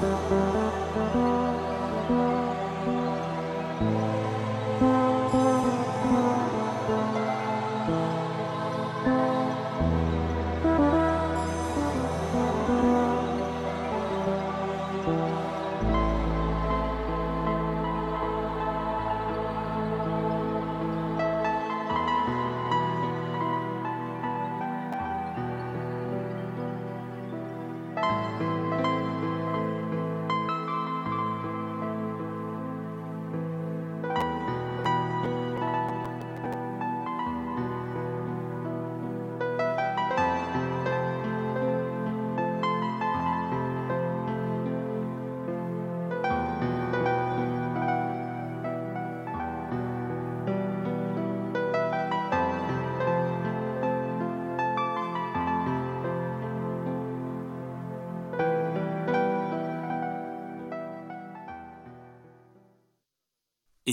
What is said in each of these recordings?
Thank you.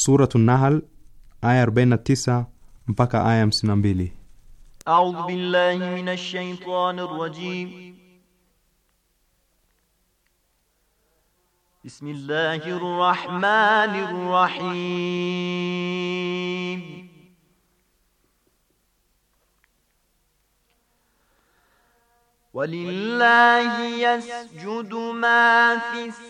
سورة النحل آية 49 mpaka aya 52. A'udhu billahi minash shaitanir rajim. Bismillahir rahmanir rahim. ولله يسجد ما في السماء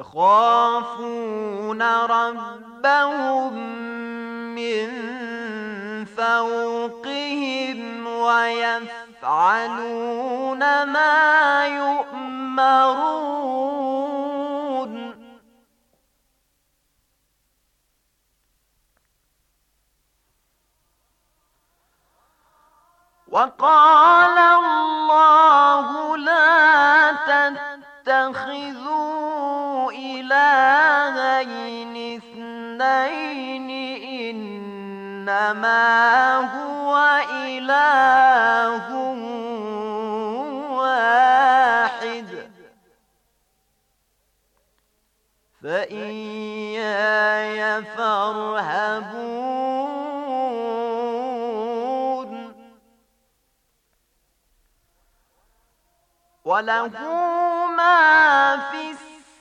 يخافون ربهم من فوقهم ويفعلون ما يؤمرون وقال الله لا تتخذون إلهين اثنين إنما هو إله واحد فإياي فارهبون وله ما في السماء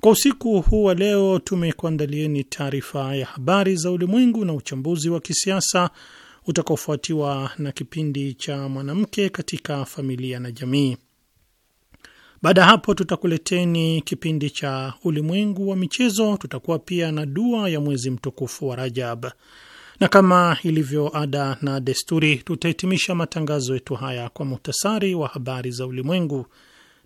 Kwa usiku huu wa leo tumekuandalieni taarifa ya habari za ulimwengu na uchambuzi wa kisiasa utakaofuatiwa na kipindi cha mwanamke katika familia na jamii. Baada ya hapo, tutakuleteni kipindi cha ulimwengu wa michezo. Tutakuwa pia na dua ya mwezi mtukufu wa Rajab, na kama ilivyo ada na desturi, tutahitimisha matangazo yetu haya kwa muhtasari wa habari za ulimwengu.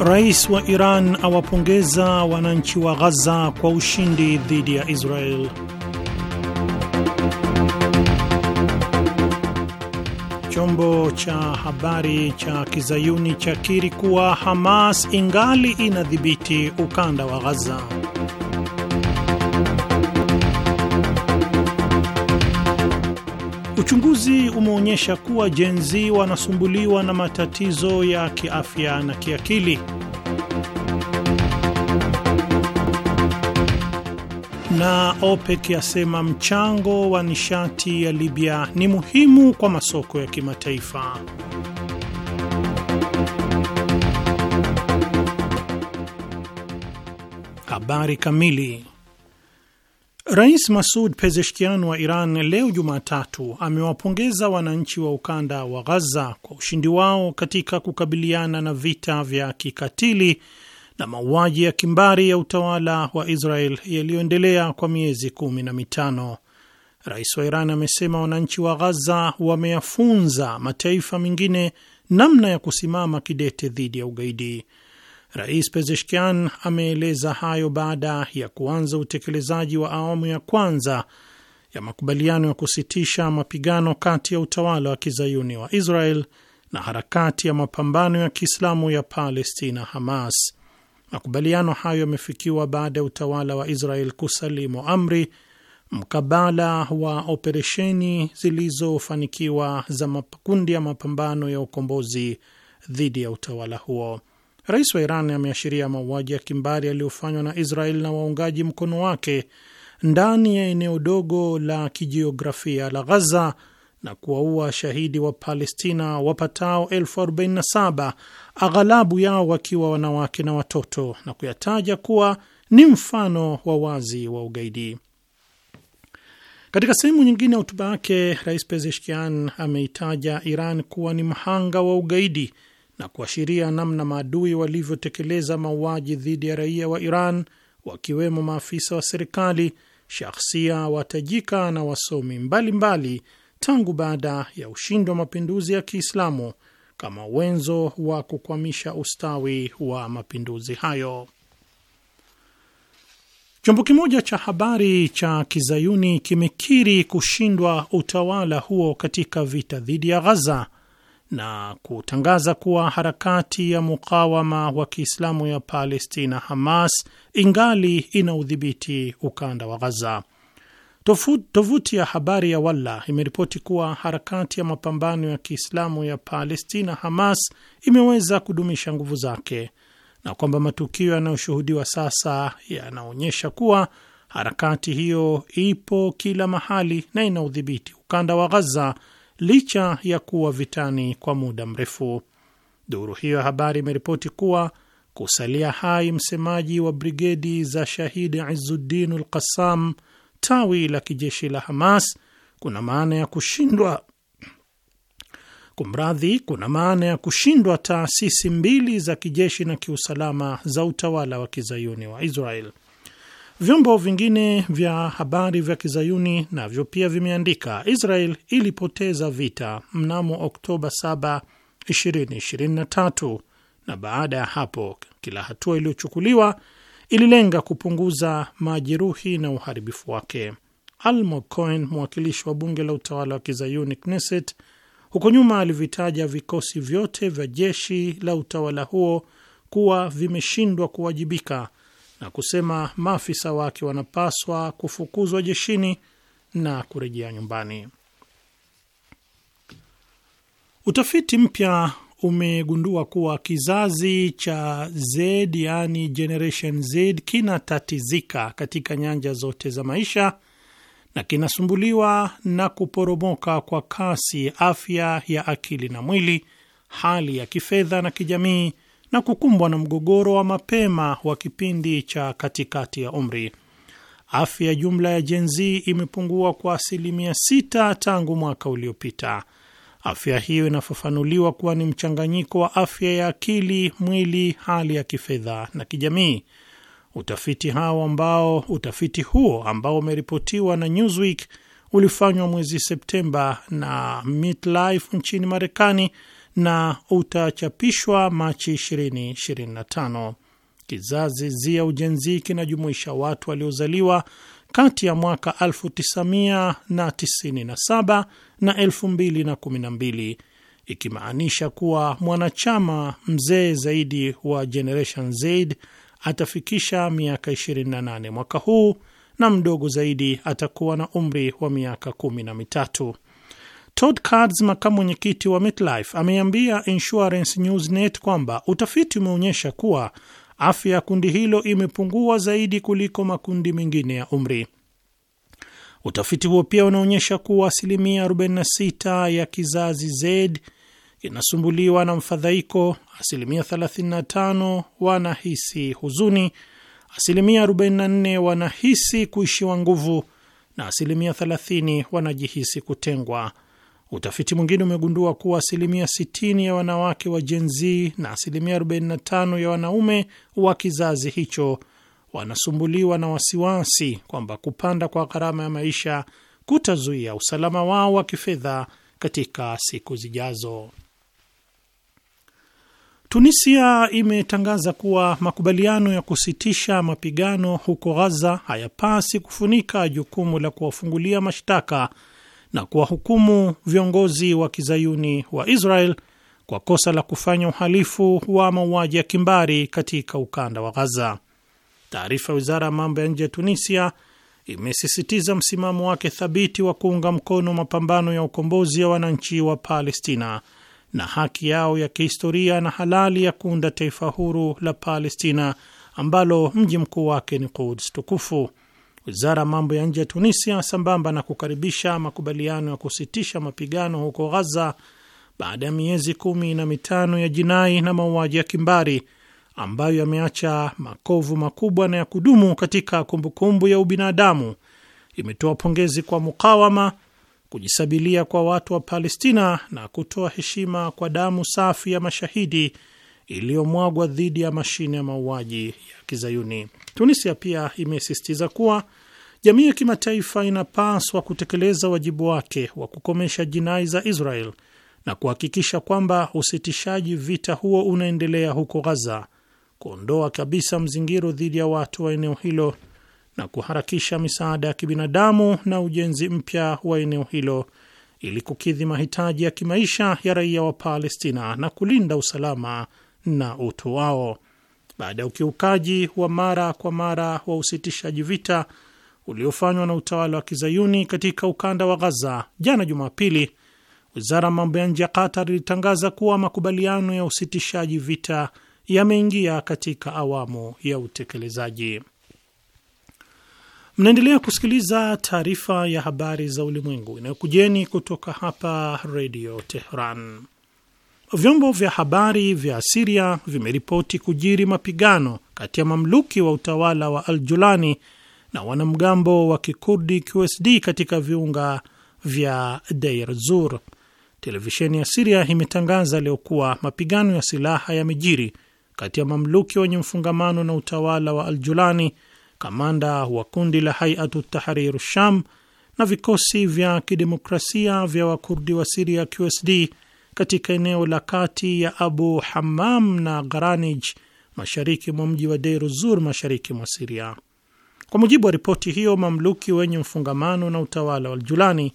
Rais wa Iran awapongeza wananchi wa Ghaza kwa ushindi dhidi ya Israel. Chombo cha habari cha kizayuni chakiri kuwa Hamas ingali inadhibiti ukanda wa Ghaza. Uchunguzi umeonyesha kuwa Gen Z wanasumbuliwa na matatizo ya kiafya na kiakili. Na OPEC yasema mchango wa nishati ya Libya ni muhimu kwa masoko ya kimataifa. Habari kamili. Rais Masud Pezeshkian wa Iran leo Jumatatu amewapongeza wananchi wa ukanda wa Ghaza kwa ushindi wao katika kukabiliana na vita vya kikatili na mauaji ya kimbari ya utawala wa Israel yaliyoendelea kwa miezi kumi na mitano. Rais wa Iran amesema wananchi wa Ghaza wameyafunza mataifa mengine namna ya kusimama kidete dhidi ya ugaidi. Rais Pezeshkian ameeleza hayo baada ya kuanza utekelezaji wa awamu ya kwanza ya makubaliano ya kusitisha mapigano kati ya utawala wa kizayuni wa Israel na harakati ya mapambano ya Kiislamu ya Palestina, Hamas. Makubaliano hayo yamefikiwa baada ya utawala wa Israel kusalimu amri mkabala wa operesheni zilizofanikiwa za makundi ya mapambano ya ukombozi dhidi ya utawala huo. Rais wa Iran ameashiria mauaji ya kimbari yaliyofanywa na Israel na waungaji mkono wake ndani ya eneo dogo la kijiografia la Ghaza na kuwaua shahidi wa Palestina wapatao 47 aghalabu yao wakiwa wanawake na watoto na kuyataja kuwa ni mfano wa wazi wa ugaidi. Katika sehemu nyingine ya hotuba yake, Rais Pezeshkian ameitaja Iran kuwa ni mhanga wa ugaidi na kuashiria namna maadui walivyotekeleza mauaji dhidi ya raia wa Iran, wakiwemo maafisa wa serikali, shahsia watajika na wasomi mbalimbali mbali, tangu baada ya ushindi wa mapinduzi ya Kiislamu kama wenzo wa kukwamisha ustawi wa mapinduzi hayo. Chombo kimoja cha habari cha kizayuni kimekiri kushindwa utawala huo katika vita dhidi ya Ghaza na kutangaza kuwa harakati ya mukawama wa Kiislamu ya Palestina, Hamas, ingali ina udhibiti ukanda wa Ghaza. Tovuti ya habari ya Walla imeripoti kuwa harakati ya mapambano ya Kiislamu ya Palestina, Hamas, imeweza kudumisha nguvu zake na kwamba matukio yanayoshuhudiwa sasa yanaonyesha kuwa harakati hiyo ipo kila mahali na ina udhibiti ukanda wa Ghaza licha ya kuwa vitani kwa muda mrefu. Duru hiyo ya habari imeripoti kuwa kusalia hai msemaji wa brigedi za Shahidi Izuddin ul Qassam, tawi la kijeshi la Hamas, kuna maana ya kushindwa kumradhi, kuna maana ya kushindwa taasisi mbili za kijeshi na kiusalama za utawala wa kizayuni wa Israel. Vyombo vingine vya habari vya kizayuni navyo pia vimeandika Israel ilipoteza vita mnamo Oktoba 7, 2023 na baada ya hapo kila hatua iliyochukuliwa ililenga kupunguza majeruhi na uharibifu wake. Almo Cohen, mwakilishi wa bunge la utawala wa kizayuni Knesset, huko nyuma alivitaja vikosi vyote vya jeshi la utawala huo kuwa vimeshindwa kuwajibika na kusema maafisa wake wanapaswa kufukuzwa jeshini na kurejea nyumbani. Utafiti mpya umegundua kuwa kizazi cha Z yani Generation Z kinatatizika katika nyanja zote za maisha na kinasumbuliwa na kuporomoka kwa kasi afya ya akili na mwili, hali ya kifedha na kijamii na kukumbwa na mgogoro wa mapema wa kipindi cha katikati ya umri. Afya jumla ya Gen Z imepungua kwa asilimia sita tangu mwaka uliopita. Afya hiyo inafafanuliwa kuwa ni mchanganyiko wa afya ya akili, mwili, hali ya kifedha na kijamii. Utafiti hao ambao utafiti huo ambao umeripotiwa na Newsweek ulifanywa mwezi Septemba na Midlife nchini Marekani na utachapishwa Machi 2025. Kizazi zia ujenzi kinajumuisha watu waliozaliwa kati ya mwaka 1997 na 2012, ikimaanisha kuwa mwanachama mzee zaidi wa Generation Z atafikisha miaka 28 mwaka huu na mdogo zaidi atakuwa na umri wa miaka kumi na mitatu. Todd Cards, makamu mwenyekiti wa MetLife, ameambia Insurance Net kwamba utafiti umeonyesha kuwa afya ya kundi hilo imepungua zaidi kuliko makundi mengine ya umri. Utafiti huo pia unaonyesha kuwa asilimia 46 ya kizazi Z inasumbuliwa na mfadhaiko, asilimia 35 wanahisi huzuni, asilimia 44 wanahisi kuishiwa nguvu na asilimia 30 wanajihisi kutengwa. Utafiti mwingine umegundua kuwa asilimia 60 ya wanawake wa Gen Z na asilimia 45 ya wanaume wa kizazi hicho wanasumbuliwa na wasiwasi kwamba kupanda kwa gharama ya maisha kutazuia usalama wao wa kifedha katika siku zijazo. Tunisia imetangaza kuwa makubaliano ya kusitisha mapigano huko Ghaza hayapasi kufunika jukumu la kuwafungulia mashtaka na kuwahukumu viongozi wa kizayuni wa Israel kwa kosa la kufanya uhalifu wa mauaji ya kimbari katika ukanda wa Ghaza. Taarifa ya wizara ya mambo ya nje ya Tunisia imesisitiza msimamo wake thabiti wa kuunga mkono mapambano ya ukombozi ya wananchi wa Palestina na haki yao ya kihistoria na halali ya kuunda taifa huru la Palestina ambalo mji mkuu wake ni Quds tukufu. Wizara ya mambo ya nje ya Tunisia, sambamba na kukaribisha makubaliano ya kusitisha mapigano huko Ghaza baada ya miezi kumi na mitano ya jinai na mauaji ya kimbari ambayo yameacha makovu makubwa na ya kudumu katika kumbukumbu ya ubinadamu, imetoa pongezi kwa mukawama, kujisabilia kwa watu wa Palestina na kutoa heshima kwa damu safi ya mashahidi iliyomwagwa dhidi ya mashine ya mauaji ya Kizayuni. Tunisia pia imesisitiza kuwa Jamii ya kimataifa inapaswa kutekeleza wajibu wake wa kukomesha jinai za Israel na kuhakikisha kwamba usitishaji vita huo unaendelea huko Gaza, kuondoa kabisa mzingiro dhidi ya watu wa eneo hilo na kuharakisha misaada ya kibinadamu na ujenzi mpya wa eneo hilo ili kukidhi mahitaji ya kimaisha ya raia wa Palestina na kulinda usalama na utu wao baada ya ukiukaji wa mara kwa mara wa usitishaji vita uliofanywa na utawala wa kizayuni katika ukanda wa Ghaza. Jana Jumapili, wizara ya mambo ya nje ya Qatar ilitangaza kuwa makubaliano ya usitishaji vita yameingia katika awamu ya utekelezaji. Mnaendelea kusikiliza taarifa ya habari za ulimwengu inayokujeni kutoka hapa redio Tehran. Vyombo vya habari vya Siria vimeripoti kujiri mapigano kati ya mamluki wa utawala wa Al Julani na wanamgambo wa kikurdi QSD katika viunga vya Deir Zur. Televisheni ya Siria imetangaza leo kuwa mapigano ya silaha yamejiri kati ya mamluki wenye mfungamano na utawala wa Aljulani, kamanda wa kundi la Haiatu Tahrir Sham na vikosi vya kidemokrasia vya wakurdi wa Siria QSD katika eneo la kati ya Abu Hammam na Garanij mashariki mwa mji wa Deir Zur mashariki mwa Siria. Kwa mujibu wa ripoti hiyo, mamluki wenye mfungamano na utawala wa Aljulani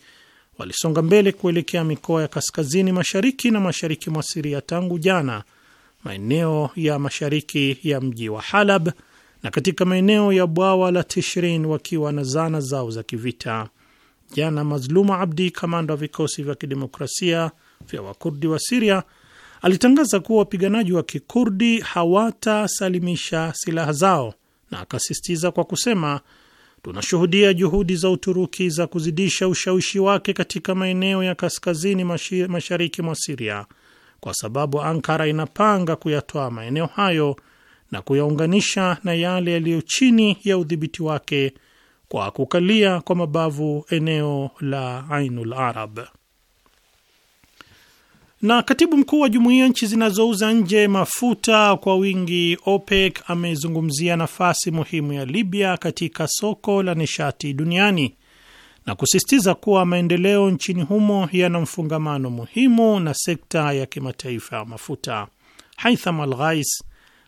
walisonga mbele kuelekea mikoa ya kaskazini mashariki na mashariki mwa Siria tangu jana, maeneo ya mashariki ya mji wa Halab na katika maeneo ya bwawa la Tishrin wakiwa na zana zao za kivita. Jana Mazluma Abdi, kamanda wa vikosi vya kidemokrasia vya Wakurdi wa Siria, alitangaza kuwa wapiganaji wa Kikurdi hawatasalimisha silaha zao na akasisitiza kwa kusema, tunashuhudia juhudi za Uturuki za kuzidisha ushawishi wake katika maeneo ya kaskazini mashariki mwa Siria kwa sababu Ankara inapanga kuyatoa maeneo hayo na kuyaunganisha na yale yaliyo chini ya udhibiti wake kwa kukalia kwa mabavu eneo la Ainul Arab. Na katibu mkuu wa jumuiya nchi zinazouza nje mafuta kwa wingi OPEC amezungumzia nafasi muhimu ya Libya katika soko la nishati duniani na kusisitiza kuwa maendeleo nchini humo yana mfungamano muhimu na sekta ya kimataifa ya mafuta. Haitham Al-Ghais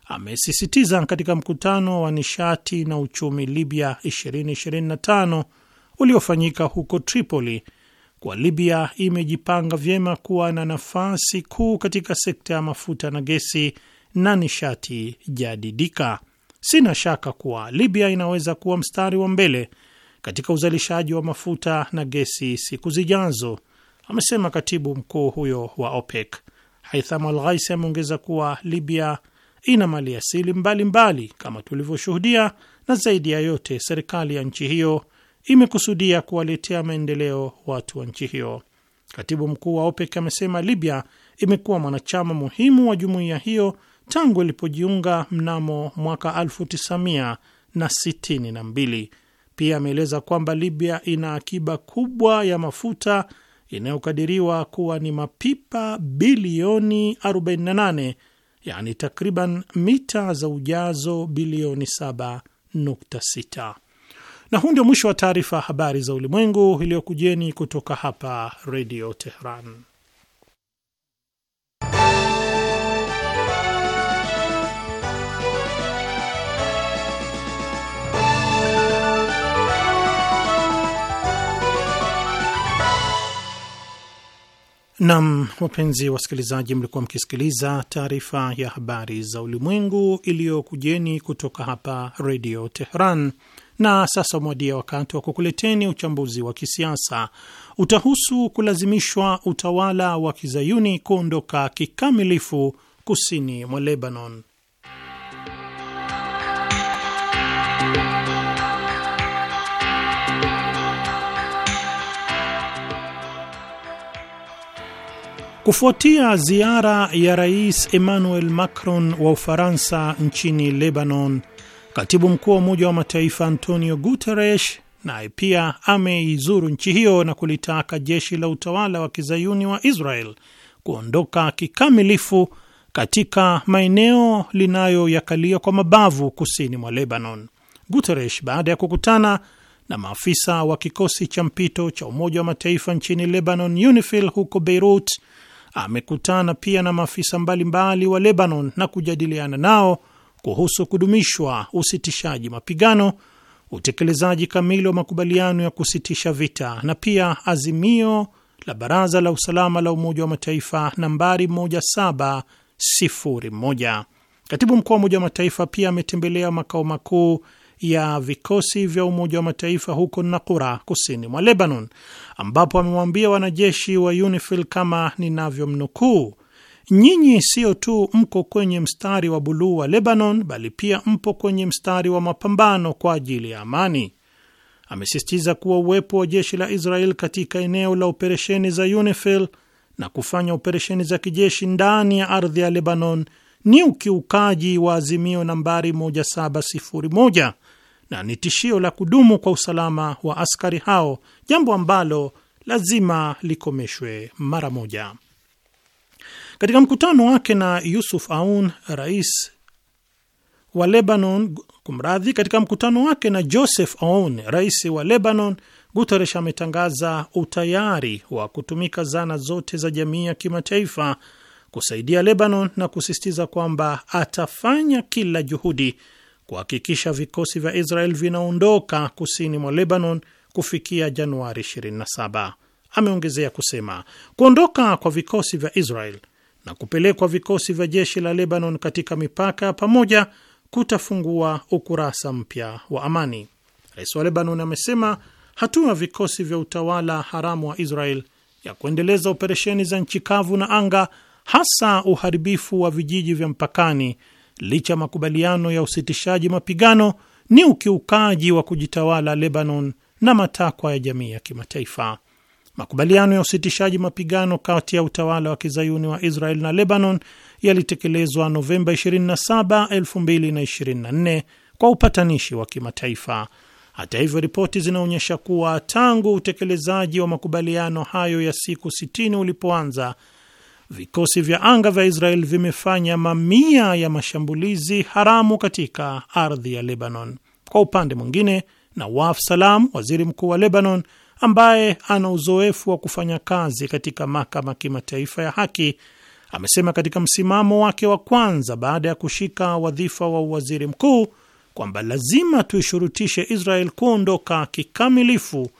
amesisitiza katika mkutano wa nishati na uchumi Libya 2025 uliofanyika huko Tripoli kuwa Libya imejipanga vyema kuwa na nafasi kuu katika sekta ya mafuta na gesi na nishati jadidika. Sina shaka kuwa Libya inaweza kuwa mstari wa mbele katika uzalishaji wa mafuta na gesi siku zijazo, amesema katibu mkuu huyo wa OPEC. Haitham Al Ghaisi ameongeza kuwa Libya ina mali asili mbalimbali kama tulivyoshuhudia, na zaidi ya yote serikali ya nchi hiyo imekusudia kuwaletea maendeleo watu wa nchi hiyo. Katibu mkuu wa OPEC amesema Libya imekuwa mwanachama muhimu wa jumuiya hiyo tangu ilipojiunga mnamo mwaka 1962. Pia ameeleza kwamba Libya ina akiba kubwa ya mafuta inayokadiriwa kuwa ni mapipa bilioni 48, yaani takriban mita za ujazo bilioni 7.6. Na huu ndio mwisho wa taarifa ya habari za ulimwengu iliyokujeni kutoka hapa Redio Teheran. Nam, wapenzi wasikilizaji, mlikuwa mkisikiliza taarifa ya habari za ulimwengu iliyokujeni kutoka hapa Redio Teheran na sasa umewadia wakati wa kukuleteni uchambuzi wa kisiasa. Utahusu kulazimishwa utawala wa kizayuni kuondoka kikamilifu kusini mwa Lebanon. Kufuatia ziara ya Rais Emmanuel Macron wa Ufaransa nchini Lebanon Katibu mkuu wa Umoja wa Mataifa Antonio Guterres naye pia ameizuru nchi hiyo na kulitaka jeshi la utawala wa kizayuni wa Israel kuondoka kikamilifu katika maeneo linayoyakalia kwa mabavu kusini mwa Lebanon. Guterres baada ya kukutana na maafisa wa kikosi cha mpito cha Umoja wa Mataifa nchini Lebanon, UNIFIL, huko Beirut, amekutana pia na maafisa mbalimbali wa Lebanon na kujadiliana nao kuhusu kudumishwa usitishaji mapigano, utekelezaji kamili wa makubaliano ya kusitisha vita na pia azimio la Baraza la Usalama la Umoja wa Mataifa nambari 1701. Katibu mkuu wa Umoja wa Mataifa pia ametembelea makao makuu ya vikosi vya Umoja wa Mataifa huko Nakura, kusini mwa Lebanon, ambapo amewaambia wanajeshi wa UNIFIL kama ninavyomnukuu nyinyi siyo tu mko kwenye mstari wa buluu wa Lebanon, bali pia mpo kwenye mstari wa mapambano kwa ajili ya amani. Amesisitiza kuwa uwepo wa jeshi la Israel katika eneo la operesheni za UNIFIL na kufanya operesheni za kijeshi ndani ya ardhi ya Lebanon ni ukiukaji wa azimio nambari 1701 na ni tishio la kudumu kwa usalama wa askari hao, jambo ambalo lazima likomeshwe mara moja. Katika mkutano wake na Yusuf Aoun, rais wa Lebanon, kumradhi, katika mkutano wake na Joseph Aoun, rais wa Lebanon, Guterres ametangaza utayari wa kutumika zana zote za jamii ya kimataifa kusaidia Lebanon na kusisitiza kwamba atafanya kila juhudi kuhakikisha vikosi vya Israel vinaondoka kusini mwa Lebanon kufikia Januari 27. Ameongezea kusema kuondoka kwa vikosi vya Israel na kupelekwa vikosi vya jeshi la Lebanon katika mipaka ya pamoja kutafungua ukurasa mpya wa amani. Rais wa Lebanon amesema hatua ya vikosi vya utawala haramu wa Israel ya kuendeleza operesheni za nchi kavu na anga, hasa uharibifu wa vijiji vya mpakani, licha ya makubaliano ya usitishaji mapigano, ni ukiukaji wa kujitawala Lebanon na matakwa ya jamii ya kimataifa. Makubaliano ya usitishaji mapigano kati ya utawala wa kizayuni wa Israel na Lebanon yalitekelezwa Novemba 27, 2024 kwa upatanishi wa kimataifa. Hata hivyo, ripoti zinaonyesha kuwa tangu utekelezaji wa makubaliano hayo ya siku 60 ulipoanza, vikosi vya anga vya Israel vimefanya mamia ya mashambulizi haramu katika ardhi ya Lebanon. Kwa upande mwingine, Nawaf Salam, waziri mkuu wa Lebanon, ambaye ana uzoefu wa kufanya kazi katika mahakama kimataifa ya haki amesema katika msimamo wake wa kwanza baada ya kushika wadhifa wa uwaziri mkuu kwamba lazima tuishurutishe Israel kuondoka kikamilifu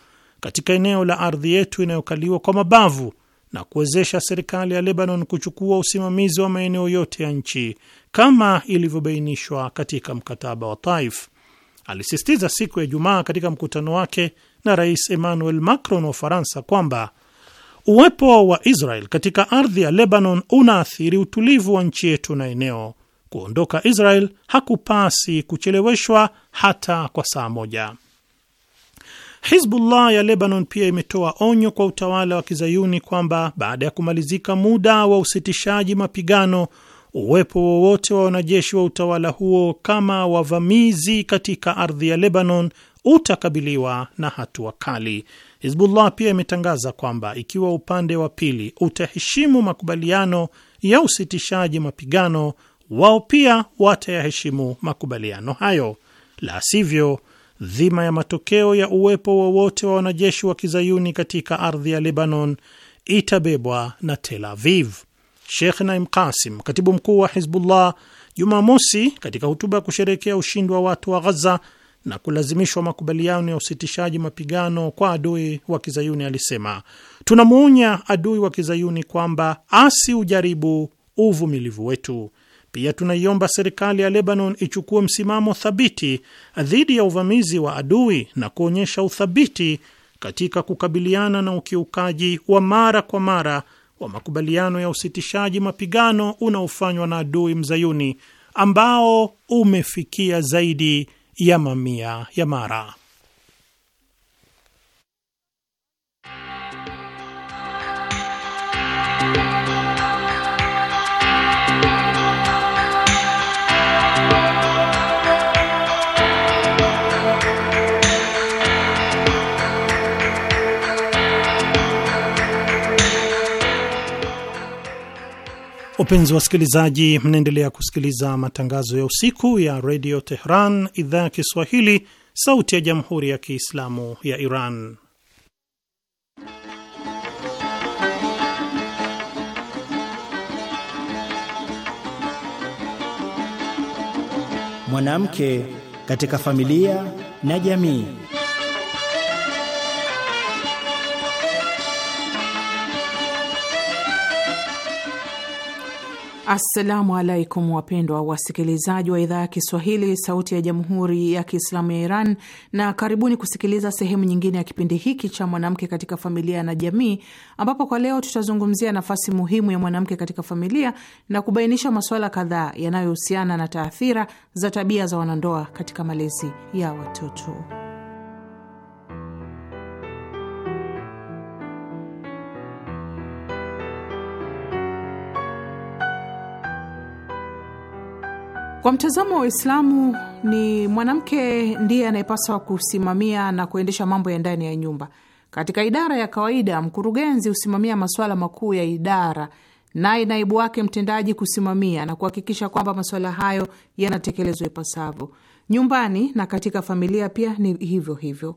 katika eneo la ardhi yetu inayokaliwa kwa mabavu na kuwezesha serikali ya Lebanon kuchukua usimamizi wa maeneo yote ya nchi kama ilivyobainishwa katika mkataba wa Taif. Alisisitiza siku ya Ijumaa katika mkutano wake na Rais Emmanuel Macron wa Ufaransa kwamba uwepo wa Israel katika ardhi ya Lebanon unaathiri utulivu wa nchi yetu na eneo. Kuondoka Israel hakupasi kucheleweshwa hata kwa saa moja. Hizbullah ya Lebanon pia imetoa onyo kwa utawala wa kizayuni kwamba baada ya kumalizika muda wa usitishaji mapigano, uwepo wowote wa wanajeshi wa utawala huo kama wavamizi katika ardhi ya Lebanon utakabiliwa na hatua kali. Hizbullah pia imetangaza kwamba ikiwa upande wa pili utaheshimu makubaliano ya usitishaji mapigano, wao pia watayaheshimu makubaliano hayo, la sivyo dhima ya matokeo ya uwepo wowote wa, wa wanajeshi wa kizayuni katika ardhi ya Lebanon itabebwa na Tel Aviv. Sheikh Naim Qasim, katibu mkuu wa Hizbullah, Jumamosi katika hutuba ya kusherekea ushindi wa watu wa Ghaza na kulazimishwa makubaliano ya usitishaji mapigano kwa adui wa kizayuni alisema, tunamuonya adui wa kizayuni kwamba asiujaribu uvumilivu wetu. Pia tunaiomba serikali ya Lebanon ichukue msimamo thabiti dhidi ya uvamizi wa adui na kuonyesha uthabiti katika kukabiliana na ukiukaji wa mara kwa mara wa makubaliano ya usitishaji mapigano unaofanywa na adui mzayuni ambao umefikia zaidi ya mamia ya mara. Wapenzi wasikilizaji, mnaendelea kusikiliza matangazo ya usiku ya redio Tehran, idhaa ya Kiswahili, sauti ya jamhuri ya kiislamu ya Iran. Mwanamke katika familia na jamii. Assalamu alaikum wapendwa wasikilizaji wa idhaa ya Kiswahili sauti ya jamhuri ya Kiislamu ya Iran, na karibuni kusikiliza sehemu nyingine ya kipindi hiki cha mwanamke katika familia na jamii, ambapo kwa leo tutazungumzia nafasi muhimu ya mwanamke katika familia na kubainisha masuala kadhaa yanayohusiana na taathira za tabia za wanandoa katika malezi ya watoto. Kwa mtazamo wa Uislamu, ni mwanamke ndiye anayepaswa kusimamia na kuendesha mambo ya ndani ya nyumba. Katika idara ya kawaida, mkurugenzi husimamia masuala makuu ya idara, naye naibu wake mtendaji kusimamia na kuhakikisha kwamba masuala hayo yanatekelezwa ipasavyo. Nyumbani na katika familia pia ni hivyo hivyo.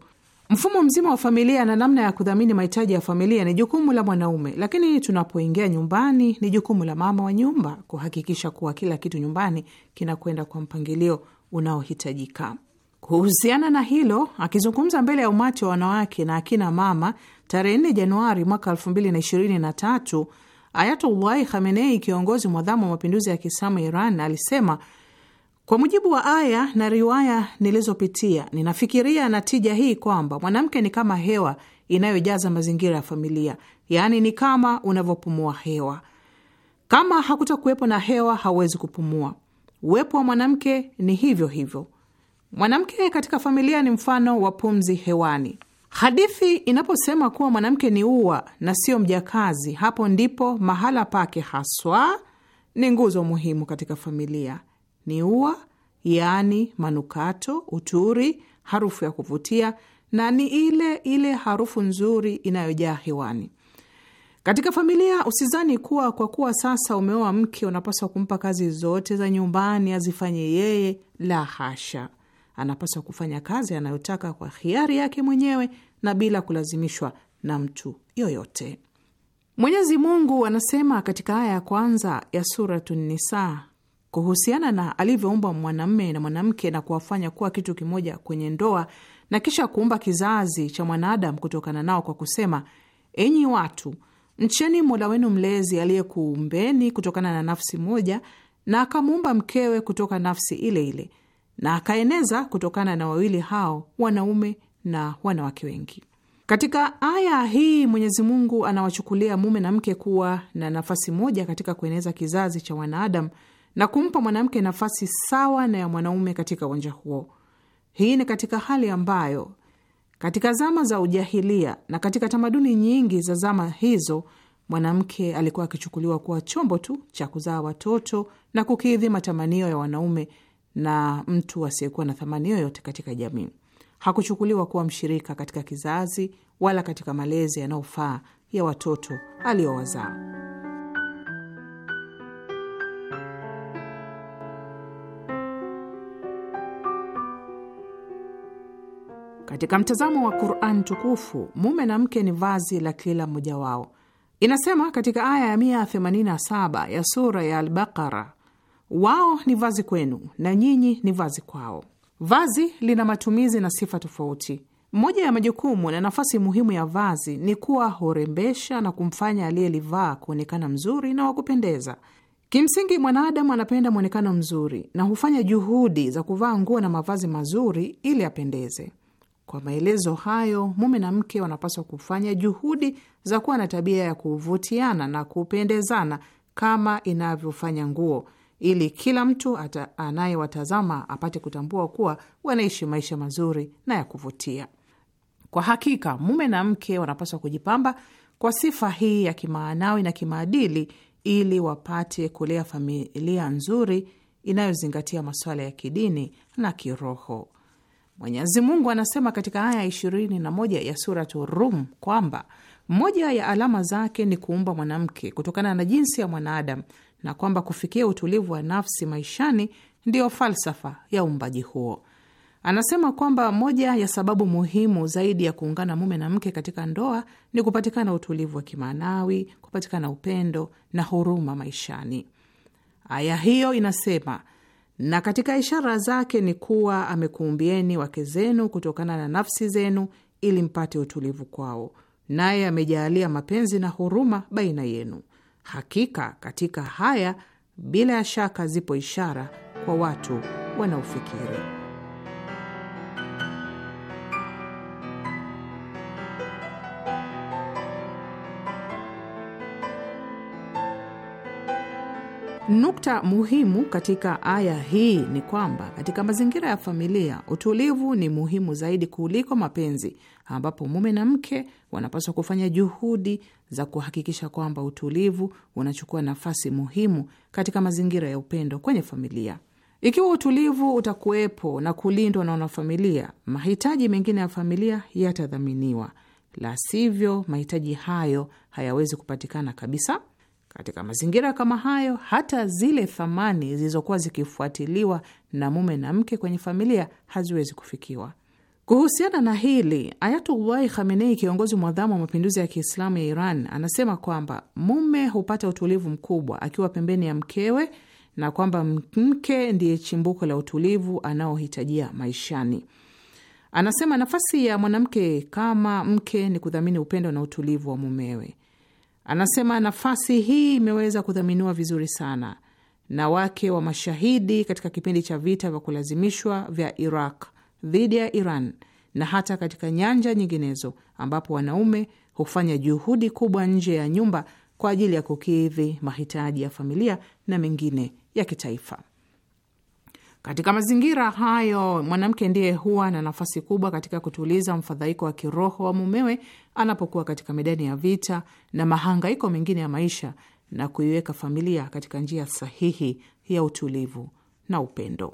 Mfumo mzima wa familia na namna ya kudhamini mahitaji ya familia ni jukumu la mwanaume, lakini tunapoingia nyumbani ni jukumu la mama wa nyumba kuhakikisha kuwa kila kitu nyumbani kinakwenda kwa mpangilio unaohitajika. Kuhusiana na hilo, akizungumza mbele ya umati wa wanawake na akina mama tarehe 4 Januari mwaka 2023, Ayatullahi Khamenei, kiongozi mwadhamu wa mapinduzi ya Kiislamu Iran, alisema kwa mujibu wa aya na riwaya nilizopitia, ninafikiria natija hii kwamba mwanamke ni kama hewa inayojaza mazingira ya familia, yaani ni kama unavyopumua hewa. Kama hakutakuwepo na hewa, hauwezi kupumua. Uwepo wa mwanamke ni hivyo hivyo. Mwanamke katika familia ni mfano wa pumzi hewani. Hadithi inaposema kuwa mwanamke ni ua na sio mjakazi, hapo ndipo mahala pake haswa ni nguzo muhimu katika familia ni ua, yaani manukato, uturi, harufu ya kuvutia na ni ile ile harufu nzuri inayojaa hewani. Katika familia, usizani kuwa kwa kuwa sasa umeoa mke unapaswa kumpa kazi zote za nyumbani azifanye yeye. La hasha, anapaswa kufanya kazi anayotaka kwa hiari yake mwenyewe na bila kulazimishwa na mtu yoyote. Mwenyezi Mungu anasema katika aya ya kwanza ya Suratu kuhusiana na alivyoumba mwanamme na mwanamke na kuwafanya kuwa kitu kimoja kwenye ndoa na kisha kuumba kizazi cha mwanadamu kutokana nao kwa kusema: enyi watu, mcheni Mola wenu mlezi aliyekuumbeni kutokana na nafsi moja na akamuumba mkewe kutoka nafsi ile ile na akaeneza kutokana na wawili hao wanaume na wanawake wengi. Katika aya hii Mwenyezi Mungu anawachukulia mume na mke kuwa na nafasi moja katika kueneza kizazi cha wanadamu na kumpa mwanamke nafasi sawa na ya mwanaume katika uwanja huo. Hii ni katika hali ambayo katika zama za ujahilia na katika tamaduni nyingi za zama hizo mwanamke alikuwa akichukuliwa kuwa chombo tu cha kuzaa watoto na kukidhi matamanio ya wanaume na mtu asiyekuwa na thamani yoyote katika jamii. Hakuchukuliwa kuwa mshirika katika kizazi wala katika malezi yanayofaa ya watoto aliyowazaa. Katika mtazamo wa Quran tukufu, mume na mke ni vazi la kila mmoja wao. Inasema katika aya ya 187 ya sura ya Albaqara, wao ni vazi kwenu na nyinyi ni vazi kwao. Vazi lina matumizi na sifa tofauti. Moja ya majukumu na nafasi muhimu ya vazi ni kuwa hurembesha na kumfanya aliyelivaa kuonekana mzuri na wa kupendeza. Kimsingi, mwanadamu anapenda mwonekano mzuri na hufanya juhudi za kuvaa nguo na mavazi mazuri ili apendeze. Kwa maelezo hayo, mume na mke wanapaswa kufanya juhudi za kuwa na tabia ya kuvutiana na kupendezana kama inavyofanya nguo, ili kila mtu anayewatazama apate kutambua kuwa wanaishi maisha mazuri na ya kuvutia. Kwa hakika, mume na mke wanapaswa kujipamba kwa sifa hii ya kimaanawi na kimaadili ili wapate kulea familia nzuri inayozingatia masuala ya kidini na kiroho. Mwenyezi Mungu anasema katika aya 21 ya Suratu Rum kwamba moja ya alama zake ni kuumba mwanamke kutokana na jinsi ya mwanadamu na kwamba kufikia utulivu wa nafsi maishani ndiyo falsafa ya uumbaji huo. Anasema kwamba moja ya sababu muhimu zaidi ya kuungana mume na mke katika ndoa ni kupatikana utulivu wa kimaanawi, kupatikana upendo na huruma maishani. Aya hiyo inasema na katika ishara zake ni kuwa amekuumbieni wake zenu kutokana na nafsi zenu ili mpate utulivu kwao, naye amejaalia mapenzi na huruma baina yenu. Hakika katika haya bila ya shaka zipo ishara kwa watu wanaofikiri. Nukta muhimu katika aya hii ni kwamba katika mazingira ya familia utulivu ni muhimu zaidi kuliko mapenzi, ambapo mume na mke wanapaswa kufanya juhudi za kuhakikisha kwamba utulivu unachukua nafasi muhimu katika mazingira ya upendo kwenye familia. Ikiwa utulivu utakuwepo na kulindwa na wanafamilia, mahitaji mengine ya familia yatadhaminiwa, la sivyo mahitaji hayo hayawezi kupatikana kabisa. Katika mazingira kama hayo, hata zile thamani zilizokuwa zikifuatiliwa na mume na mke kwenye familia haziwezi kufikiwa. Kuhusiana na hili, Ayatullahi Khamenei, kiongozi mwadhamu wa mapinduzi ya Kiislamu ya Iran, anasema kwamba mume hupata utulivu mkubwa akiwa pembeni ya mkewe na kwamba mke ndiye chimbuko la utulivu anaohitajia maishani. Anasema nafasi ya mwanamke kama mke ni kudhamini upendo na utulivu wa mumewe. Anasema nafasi hii imeweza kudhaminiwa vizuri sana na wake wa mashahidi katika kipindi cha vita vya kulazimishwa vya Iraq dhidi ya Iran na hata katika nyanja nyinginezo ambapo wanaume hufanya juhudi kubwa nje ya nyumba kwa ajili ya kukidhi mahitaji ya familia na mengine ya kitaifa. Katika mazingira hayo, mwanamke ndiye huwa na nafasi kubwa katika kutuliza mfadhaiko wa kiroho wa mumewe anapokuwa katika medani ya vita na mahangaiko mengine ya maisha na kuiweka familia katika njia sahihi ya utulivu na upendo.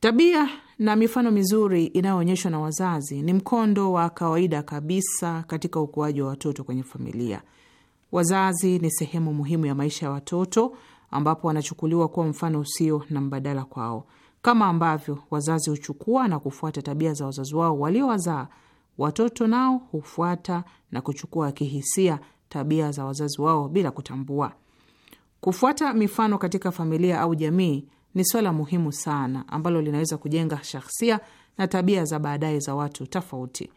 Tabia na mifano mizuri inayoonyeshwa na wazazi ni mkondo wa kawaida kabisa katika ukuaji wa watoto kwenye familia. Wazazi ni sehemu muhimu ya maisha ya watoto ambapo wanachukuliwa kuwa mfano usio na mbadala kwao. Kama ambavyo wazazi huchukua na kufuata tabia za wazazi wao waliowazaa, watoto nao hufuata na kuchukua kihisia tabia za wazazi wao bila kutambua. Kufuata mifano katika familia au jamii ni swala muhimu sana ambalo linaweza kujenga shahsia na tabia za baadaye za watu tofauti.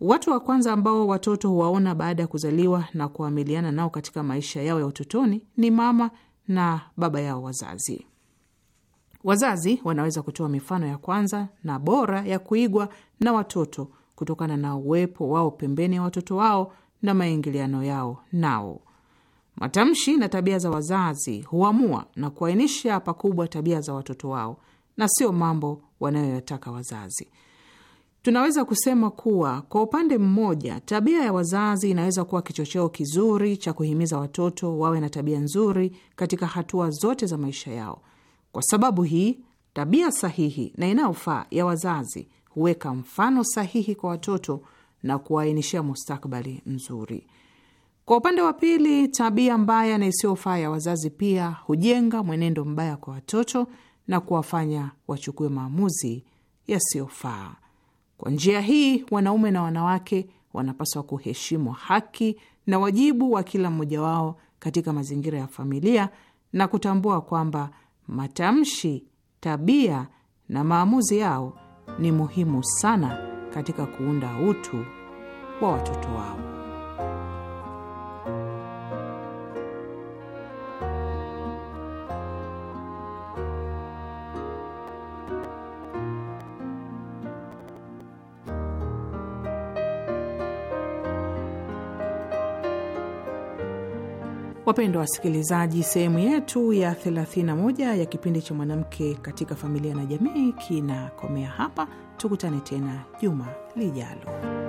Watu wa kwanza ambao watoto huwaona baada ya kuzaliwa na kuamiliana nao katika maisha yao ya utotoni ni mama na baba yao wazazi. Wazazi wanaweza kutoa mifano ya kwanza na bora ya kuigwa na watoto kutokana na uwepo wao pembeni ya watoto wao na maingiliano yao nao. Matamshi na tabia za wazazi huamua na kuainisha pakubwa tabia za watoto wao, na sio mambo wanayoyataka wazazi. Tunaweza kusema kuwa kwa upande mmoja, tabia ya wazazi inaweza kuwa kichocheo kizuri cha kuhimiza watoto wawe na tabia nzuri katika hatua zote za maisha yao. Kwa sababu hii, tabia sahihi na inayofaa ya wazazi huweka mfano sahihi kwa watoto na kuwaainishia mustakabali mzuri. Kwa upande wa pili, tabia mbaya na isiyofaa ya wazazi pia hujenga mwenendo mbaya kwa watoto na kuwafanya wachukue maamuzi yasiyofaa. Kwa njia hii wanaume na wanawake wanapaswa kuheshimu haki na wajibu wa kila mmoja wao katika mazingira ya familia na kutambua kwamba matamshi, tabia na maamuzi yao ni muhimu sana katika kuunda utu wa watoto wao. Wapendwa wasikilizaji, sehemu yetu ya 31 ya kipindi cha mwanamke katika familia na jamii kinakomea hapa. Tukutane tena juma lijalo.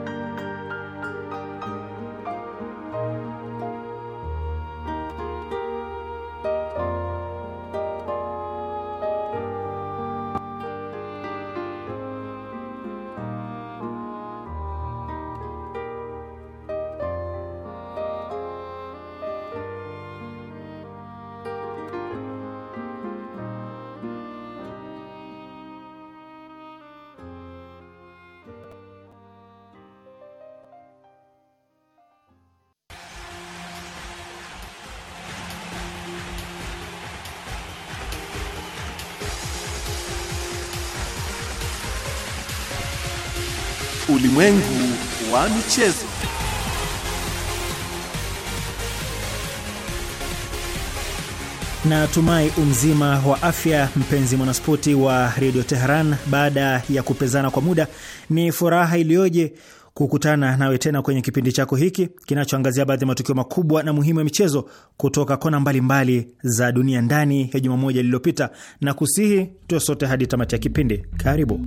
Ulimwengu wa michezo. Natumai umzima wa afya mpenzi mwanaspoti wa redio Teheran. Baada ya kupezana kwa muda, ni furaha iliyoje kukutana nawe tena kwenye kipindi chako hiki kinachoangazia baadhi ya matukio makubwa na muhimu ya michezo kutoka kona mbalimbali mbali za dunia ndani ya juma moja lililopita, na kusihi tuwe sote hadi tamati ya kipindi. Karibu.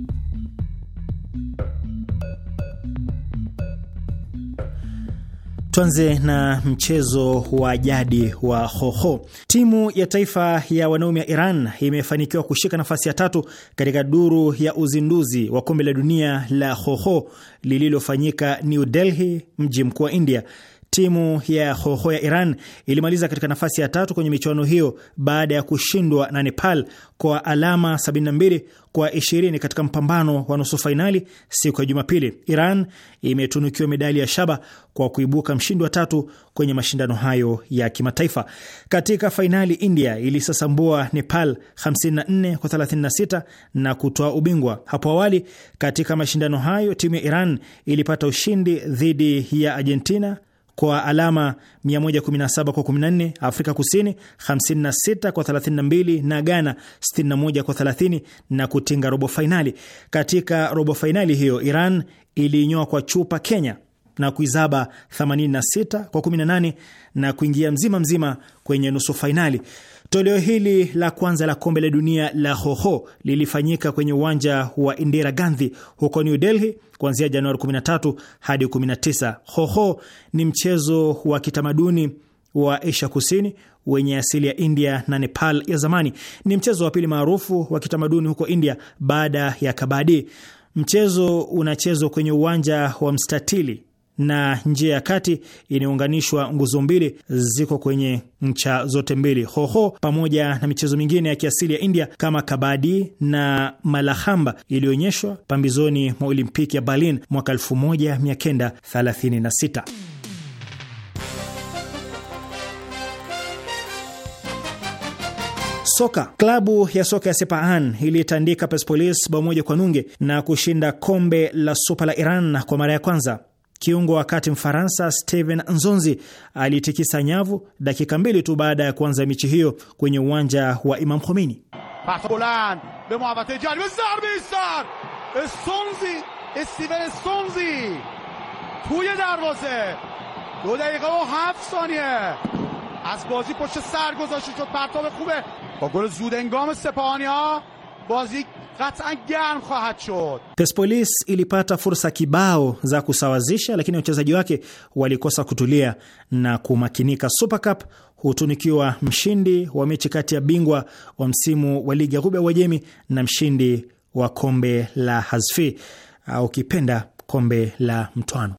Tuanze na mchezo wa jadi wa hoho. Timu ya taifa ya wanaume ya Iran imefanikiwa kushika nafasi ya tatu katika duru ya uzinduzi wa kombe la dunia la hoho lililofanyika New Delhi, mji mkuu wa India. Timu ya Hoho ya Iran ilimaliza katika nafasi ya tatu kwenye michuano hiyo baada ya kushindwa na Nepal kwa alama 72 kwa 20 katika mpambano wa nusu fainali siku ya Jumapili. Iran imetunukiwa medali ya shaba kwa kuibuka mshindi wa tatu kwenye mashindano hayo ya kimataifa. Katika fainali, India ilisasambua Nepal 54 kwa 36 na kutoa ubingwa. Hapo awali katika mashindano hayo timu ya Iran ilipata ushindi dhidi ya Argentina kwa alama 117 kwa 14, Afrika Kusini 56 kwa 32 na Ghana 61 kwa 30 na kutinga robo fainali. Katika robo fainali hiyo Iran iliinyoa kwa chupa Kenya na kuizaba 86 kwa 18 na kuingia mzima mzima kwenye nusu fainali. Toleo hili la kwanza la kombe la dunia la hoho lilifanyika kwenye uwanja wa Indira Gandhi huko New Delhi kuanzia Januari 13 hadi 19. Hoho ni mchezo wa kitamaduni wa Asia Kusini wenye asili ya India na Nepal ya zamani. Ni mchezo wa pili maarufu wa kitamaduni huko India baada ya kabadi. Mchezo unachezwa kwenye uwanja wa mstatili na njia ya kati inayounganishwa nguzo mbili ziko kwenye ncha zote mbili. Hoho pamoja na michezo mingine ya kiasili ya India kama kabadi na malahamba iliyoonyeshwa pambizoni mwa Olimpiki ya Berlin mwaka 1936. Soka. Klabu ya soka ya Sepahan ilitandika Persepolis bao moja kwa nunge na kushinda kombe la supa la Iran kwa mara ya kwanza. که اونگو وکات این انزونزی علی تکی سنیو دکی تو بعد اکوانزا میچهیو کنی ایمان به محبت جریب زربی زرب استیفن استونزی توی دروازه دو دقیقه و از بازی پشت سر شد خوبه با گل زود انگام سپانیا بازی قطعا گرم خواهد شد پرسپولیس ilipata fursa kibao za kusawazisha lakini wachezaji wake walikosa kutulia na kumakinika Super Cup hutunikiwa mshindi wa mechi kati ya bingwa wa msimu wa ligi ya Ghuba ya Uajemi na mshindi wa kombe la Hazfi au kipenda kombe la mtwano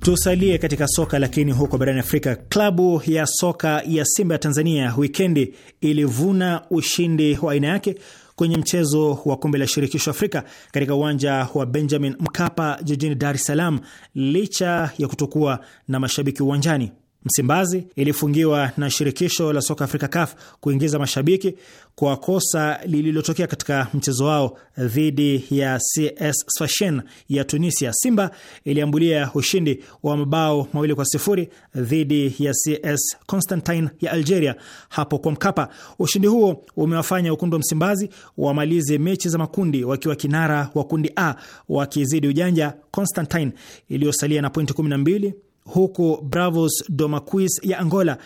Tusalie katika soka lakini huko barani Afrika, klabu ya soka ya Simba ya Tanzania wikendi ilivuna ushindi wa aina yake kwenye mchezo wa kombe la shirikisho Afrika katika uwanja wa Benjamin Mkapa jijini Dar es Salaam, licha ya kutokuwa na mashabiki uwanjani. Msimbazi ilifungiwa na shirikisho la soka Afrika CAF kuingiza mashabiki kwa kosa lililotokea katika mchezo wao dhidi ya CS Sfaxien ya Tunisia. Simba iliambulia ushindi wa mabao mawili kwa sifuri dhidi ya CS Constantine ya Algeria hapo kwa Mkapa. Ushindi huo umewafanya ukundi wa Msimbazi wamalize mechi za makundi wakiwa kinara wa kundi A wakizidi ujanja Constantine iliyosalia na pointi 12 huku Bravos Domaquis ya Angola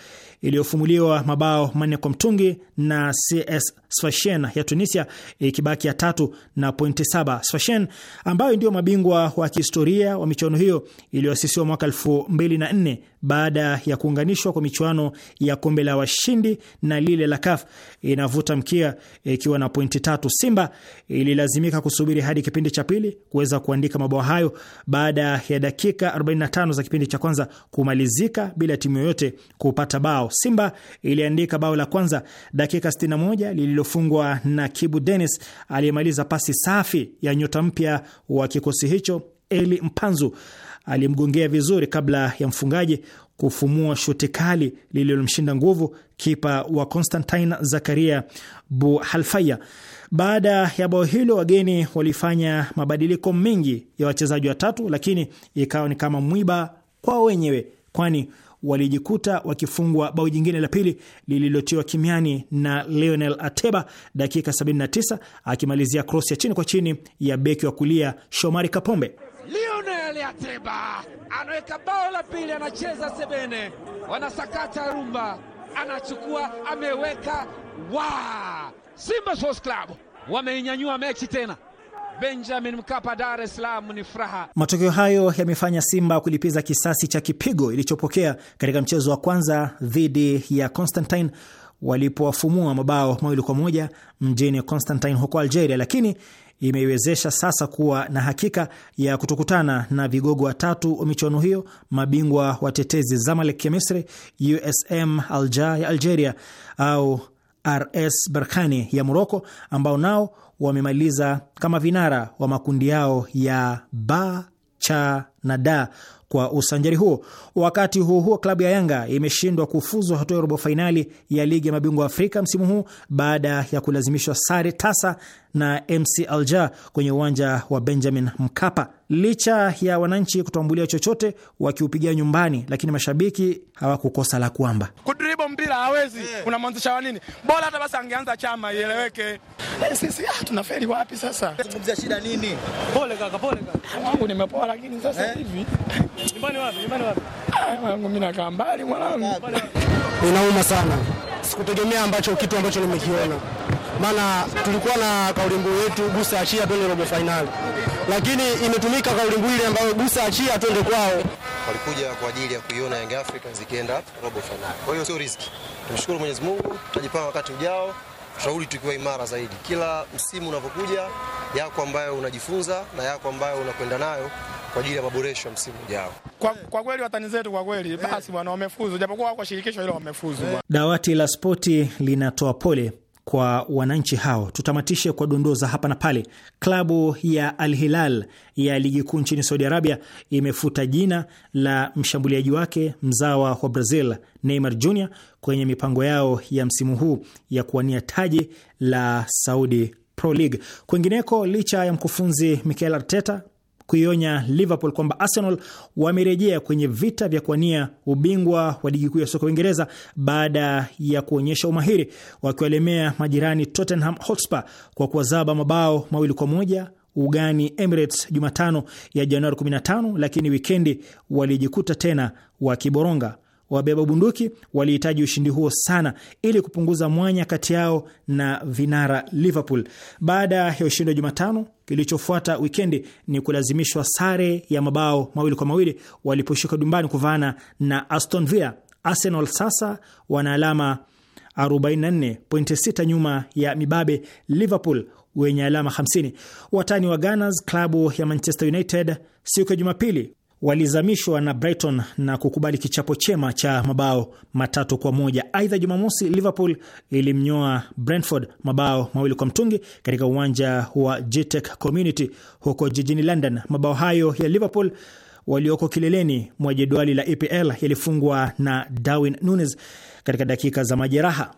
iliyofumuliwa mabao manne kwa mtungi na CS Sfaxien ya Tunisia ikibaki ya tatu na pointi saba. Sfaxien ambayo ndio mabingwa wa kihistoria wa michuano hiyo iliyoasisiwa mwaka nne baada ya kuunganishwa kwa michuano ya kombe la washindi na lile la CAF inavuta mkia ikiwa na pointi tatu. Simba ililazimika kusubiri hadi kipindi cha pili kuweza kuandika mabao hayo baada ya dakika 45 za kipindi cha kwanza kumalizika bila timu yoyote kupata bao. Simba iliandika bao la kwanza dakika 61 lililofungwa na Kibu Dennis aliyemaliza pasi safi ya nyota mpya wa kikosi hicho Eli Mpanzu alimgongea vizuri kabla ya mfungaji kufumua shuti kali lililomshinda nguvu kipa wa Constantine Zakaria Bu Halfaya. Baada ya bao hilo, wageni walifanya mabadiliko mengi ya wachezaji watatu, lakini ikawa ni kama mwiba kwao wenyewe, kwani walijikuta wakifungwa bao jingine la pili lililotiwa kimiani na Lionel Ateba dakika 79, akimalizia krosi ya chini kwa chini ya beki wa kulia Shomari Kapombe mbele Ateba anaweka bao la pili, anacheza sebene, wanasakata rumba, anachukua ameweka. Wa Simba Sports Club wameinyanyua mechi tena. Benjamin Mkapa, Dar es Salaam ni furaha. Matokeo hayo yamefanya Simba kulipiza kisasi cha kipigo ilichopokea katika mchezo wa kwanza dhidi ya Constantine walipowafumua mabao mawili kwa moja mjini Constantine huko Algeria, lakini imeiwezesha sasa kuwa na hakika ya kutokutana na vigogo watatu wa michuano hiyo, mabingwa watetezi Zamalek ya Misri, USM Alja ya Algeria au RS Berkane ya Moroko, ambao nao wamemaliza kama vinara wa makundi yao ya ba cha na da kwa usanjari huo. Wakati huo huo, klabu ya Yanga imeshindwa kufuzu hatua ya robo fainali ya ligi ya mabingwa Afrika msimu huu baada ya kulazimishwa sare tasa na MC Alger kwenye uwanja wa Benjamin Mkapa. Licha ya wananchi kutambulia chochote wakiupigia nyumbani, lakini mashabiki hawakukosa la kwamba kudribo mpira hawezi yeah. Unamwanzisha wa nini? Bora hata basi angeanza chama ieleweke. Eh, sisi ah, wapi sasa? Zungumzia shida nini? Pole kaka, pole kaka. Wangu nimepoa lakini sasa eh. hivi. Nyumbani wapi? Nyumbani wapi? Ah, Wangu mimi nakaa mbali mwanangu. Inauma sana. Sikutegemea ambacho kitu ambacho nimekiona maana tulikuwa na kauli mbiu yetu gusa achia twende robo fainali, lakini imetumika kauli mbiu ile ambayo gusa achia twende kwao. Walikuja kwa ajili ya kuiona Young Africans zikienda robo fainali, kwa hiyo sio riski. Tumshukuru Mwenyezi Mungu, tutajipanga wakati ujao, tushauri tukiwa imara zaidi. Kila msimu unavyokuja, yako ambayo unajifunza na yako ambayo unakwenda nayo kwa ajili ya maboresho ya msimu ujao. Kwa, kwa kweli watani zetu kwa kweli basi bwana, wamefuzu japokuwa kwa shirikisho hilo wamefuzu. Dawati la spoti linatoa pole kwa wananchi hao. Tutamatishe kwa dondoza hapa na pale. Klabu ya Al Hilal ya ligi kuu nchini Saudi Arabia imefuta jina la mshambuliaji wake mzawa wa Brazil Neymar Jr kwenye mipango yao ya msimu huu ya kuwania taji la Saudi Pro League. Kwingineko, licha ya mkufunzi Mikel Arteta kuionya Liverpool kwamba Arsenal wamerejea kwenye vita vya kuwania ubingwa wa ligi kuu ya soka Uingereza baada ya kuonyesha umahiri wakiwalemea majirani Tottenham Hotspur kwa kuwazaba mabao mawili kwa moja ugani Emirates Jumatano ya Januari 15, lakini wikendi walijikuta tena wakiboronga. Wabeba bunduki walihitaji ushindi huo sana ili kupunguza mwanya kati yao na vinara Liverpool. Baada ya ushindi wa Jumatano, kilichofuata wikendi ni kulazimishwa sare ya mabao mawili kwa mawili waliposhuka dumbani kuvaana na Aston Villa. Arsenal sasa wana alama 44.6 nyuma ya mibabe Liverpool wenye alama 50. Watani wa Gunners, klabu ya Manchester United, siku ya Jumapili walizamishwa na Brighton na kukubali kichapo chema cha mabao matatu kwa moja. Aidha, Jumamosi Liverpool ilimnyoa Brentford mabao mawili kwa mtungi katika uwanja wa Gtech Community huko jijini London. Mabao hayo ya Liverpool walioko kileleni mwa jedwali la EPL yalifungwa na Darwin Nunes katika dakika za majeraha.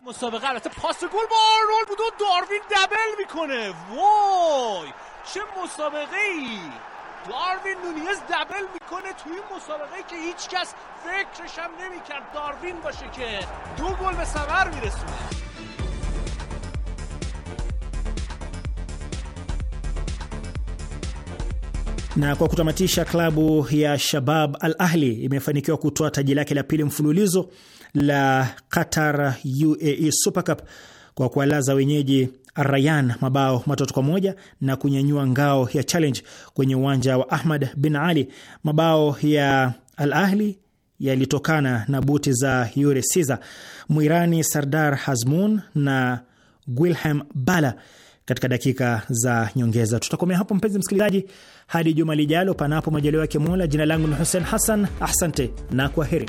داروین نونیز دبل میکنه توی این مسابقه که هیچ کس فکرش هم نمیکرد داروین باشه که دو گل به ثمر میرسونه Na kwa kutamatisha, klabu ya Shabab Al Ahli imefanikiwa kutoa taji lake la pili mfululizo la Qatar UAE Super Cup kwa kuwalaza wenyeji Rayan mabao matatu kwa moja na kunyanyua ngao ya Challenge kwenye uwanja wa Ahmad bin Ali. Mabao ya Al Ahli yalitokana na buti za Yure sisa Mwirani Sardar Hazmun na Wilhelm Bala katika dakika za nyongeza. Tutakomea hapo mpenzi msikilizaji, hadi juma lijalo, panapo majaliwa yake Mola. Jina langu ni Hussein Hassan, asante na kwaheri.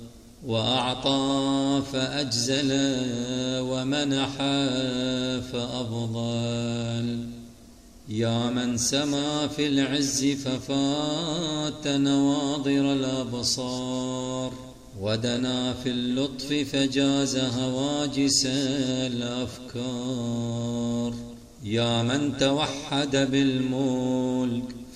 وأعطى فأجزل ومنح فأفضل يا من سما في العز ففات نواضر الأبصار ودنا في اللطف فجاز هواجس الأفكار يا من توحد بالملك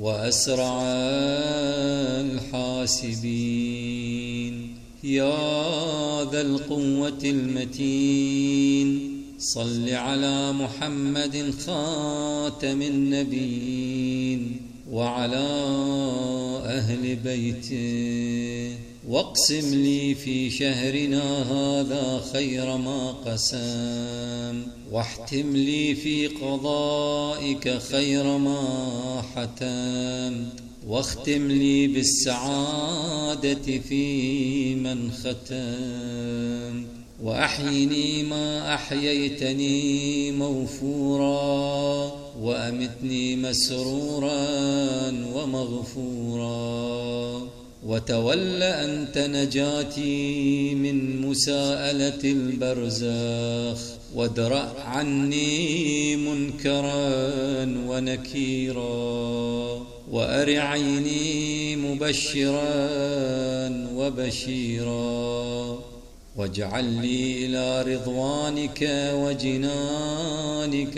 وأسرع الحاسبين يا ذا القوة المتين صل على محمد خاتم النبيين وعلى أهل بيته واقسم لي في شهرنا هذا خير ما قسم واحتم لي في قضائك خير ما حتم واختم لي بالسعادة في من ختم وأحيني ما أحييتني موفورا وأمتني مسرورا ومغفورا وتول أنت نجاتي من مساءلة البرزخ وادرأ عني منكرا ونكيرا وأر عيني مبشرا وبشيرا واجعل لي إلى رضوانك وجنانك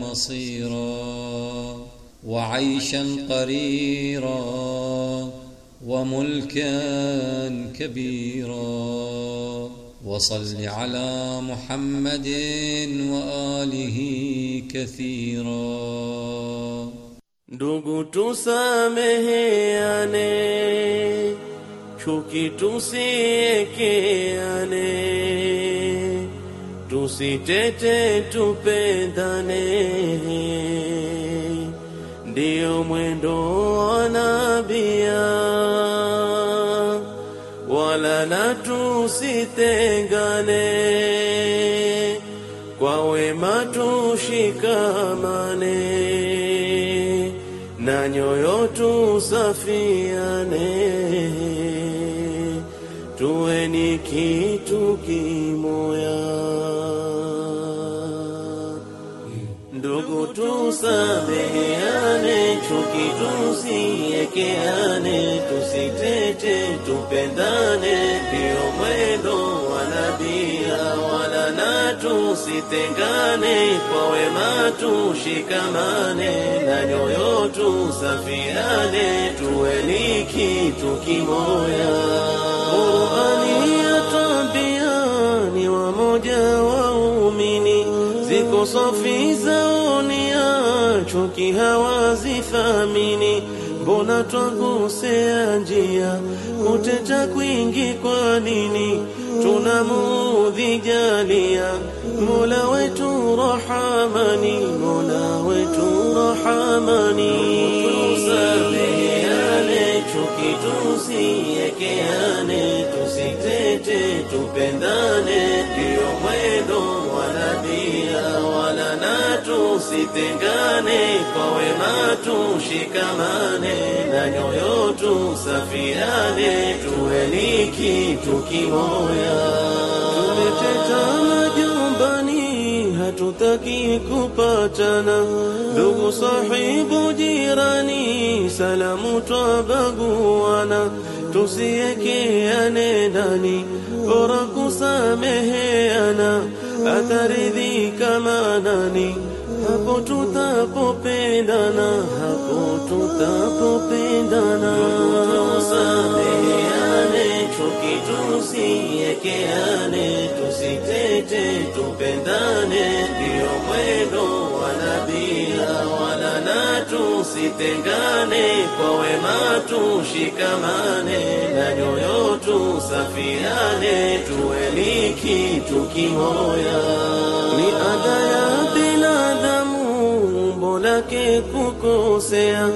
مصيرا وعيشا قريرا وملكا كبيرا وصل على محمد وآله كثيرا دوغو تسامه آنے شوكي تسيكي آنے تسي تتے تپے دانے ديو مندو نبيان wala na tusitengane, kwa wema tushikamane, na nyoyo tusafiane, tuwe ni kitu kimoya. tusameheane, chuki tusiekeane, tusitete, tupendane, ndio mwendo wa nabia wala na tusitengane, kwa wema tushikamane, na nyoyo tusafiane, tuweni kitu kimoya. Qurani ni wamoja waumini, ziko safi chuki hawazithamini, mbona twagusea njia, kuteta kwingi kwa nini? tunamudhijalia jalia, Mola wetu rahamani, Mola wetu rahamani, tusameheane, chuki tusiekeane, tusitete, tupendane, ndiyo mwendo tusitengane, kwa wema tushikamane, na nyoyo tusafiane, tuwe ni kitu kimoya. Tumetetana jumbani, hatutaki kupatana, ndugu sahibu jirani, salamu twabaguana, tusiekeane ndani, bora kusameheana, ataridhika nani hapo tutapopendana, hapo tutapopendana, tusameheane, chuki tusiekeane, tusitete, tupendane, ndio mwendo wa nabia walana, tusitengane, kwa wema tushikamane, na nyoyo tusafiane, tueliki tukimoya, ni adaya. lake kukosea,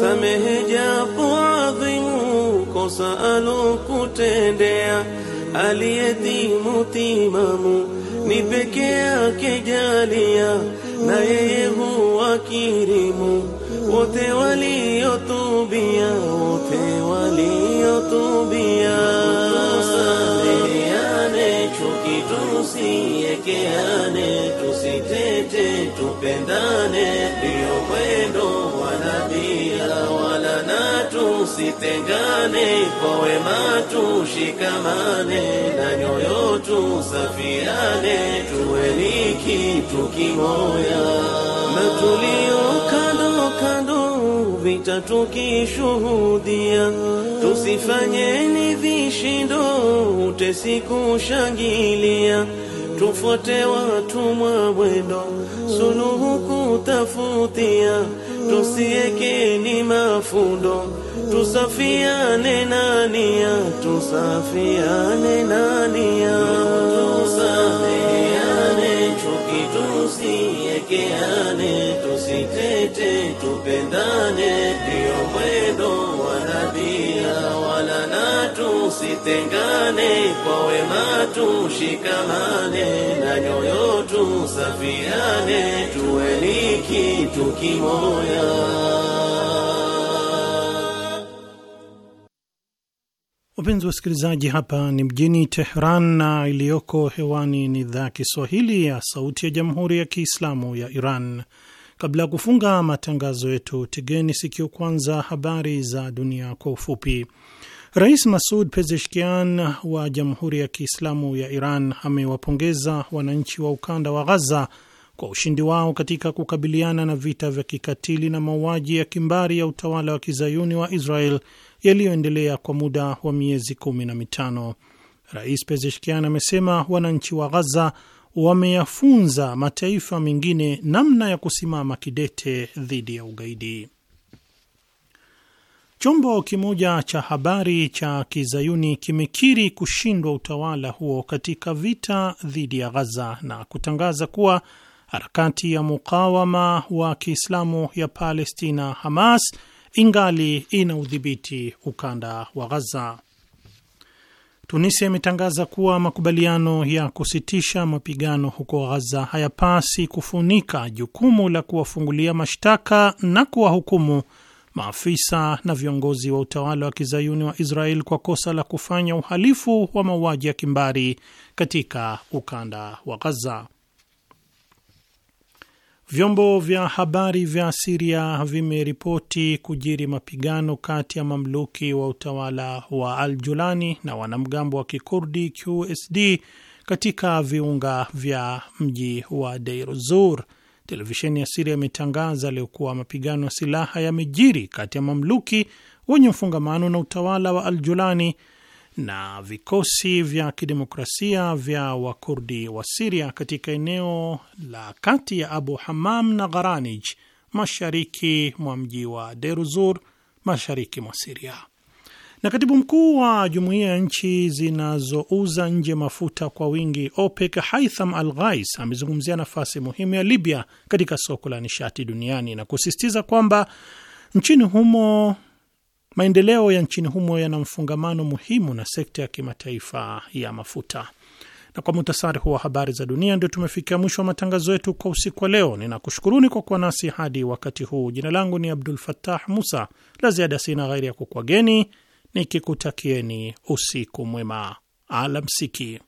samehe japo adhimu kosa alokutendea. Aliyetimu timamu ni peke yake jalia, na yeye huwa kirimu. Wote waliotubia, wote waliotubia Tusiekeane, tusitete, tupendane, ndiyo kwendo wa nabia, wala na tusitengane, kwa wema tushikamane, na nyoyo tusafiane, tuwe ni kitu kimoya na tulio vitatukishuhudia. tukishuhudia. Tusifanyeni vishindo, utesi kushangilia. Tufuate watumwa mwendo, suluhu kutafutia. Tusiekeni mafundo, tusafiane nania, tusafiane nania, tusafiane tusicheane, tusitete, tupendane, ndio mwendo wa nabia, wala na tusitengane, kwa wema tushikamane, na nyoyo tusafiane, tuwe ni kitu kimoya. Wapenzi wasikilizaji, hapa ni mjini Tehran na iliyoko hewani ni idhaa Kiswahili ya Sauti ya Jamhuri ya Kiislamu ya Iran. Kabla ya kufunga matangazo yetu, tegeni sikio kwanza habari za dunia kwa ufupi. Rais Masud Pezeshkian wa Jamhuri ya Kiislamu ya Iran amewapongeza wananchi wa ukanda wa Ghaza kwa ushindi wao katika kukabiliana na vita vya kikatili na mauaji ya kimbari ya utawala wa kizayuni wa Israel yaliyoendelea kwa muda wa miezi kumi na mitano. Rais Pezeshkian amesema wananchi wa Ghaza wameyafunza mataifa mengine namna ya kusimama kidete dhidi ya ugaidi. Chombo kimoja cha habari cha kizayuni kimekiri kushindwa utawala huo katika vita dhidi ya Ghaza na kutangaza kuwa harakati ya mukawama wa Kiislamu ya Palestina, Hamas, ingali udhibiti ukanda wa Ghaza. Tunisia imetangaza kuwa makubaliano ya kusitisha mapigano huko Ghaza hayapasi kufunika jukumu la kuwafungulia mashtaka na kuwahukumu maafisa na viongozi wa utawala wa kizayuni wa Israel kwa kosa la kufanya uhalifu wa mauaji ya kimbari katika ukanda wa Ghaza. Vyombo vya habari vya Siria vimeripoti kujiri mapigano kati ya mamluki wa utawala wa Al Julani na wanamgambo wa Kikurdi QSD katika viunga vya mji wa Deir Zur. Televisheni ya Siria imetangaza leo kuwa mapigano ya silaha yamejiri kati ya mamluki wenye mfungamano na utawala wa Al Julani na vikosi vya kidemokrasia vya Wakurdi wa Siria katika eneo la kati ya Abu hamam na Gharanij mashariki mwa mji wa Deruzur mashariki mwa Siria. Na katibu mkuu wa jumuiya ya nchi zinazouza nje mafuta kwa wingi OPEC Haitham Al Ghais amezungumzia nafasi muhimu ya Libya katika soko la nishati duniani na kusisitiza kwamba nchini humo Maendeleo ya nchini humo yana mfungamano muhimu na sekta ya kimataifa ya mafuta. Na kwa muhtasari huo wa habari za dunia, ndio tumefikia mwisho wa matangazo yetu kwa usiku wa leo. Ninakushukuruni kwa kuwa nasi hadi wakati huu. Jina langu ni Abdul Fattah Musa. La ziada sina ghairi ya kukwageni nikikutakieni usiku mwema, alamsiki.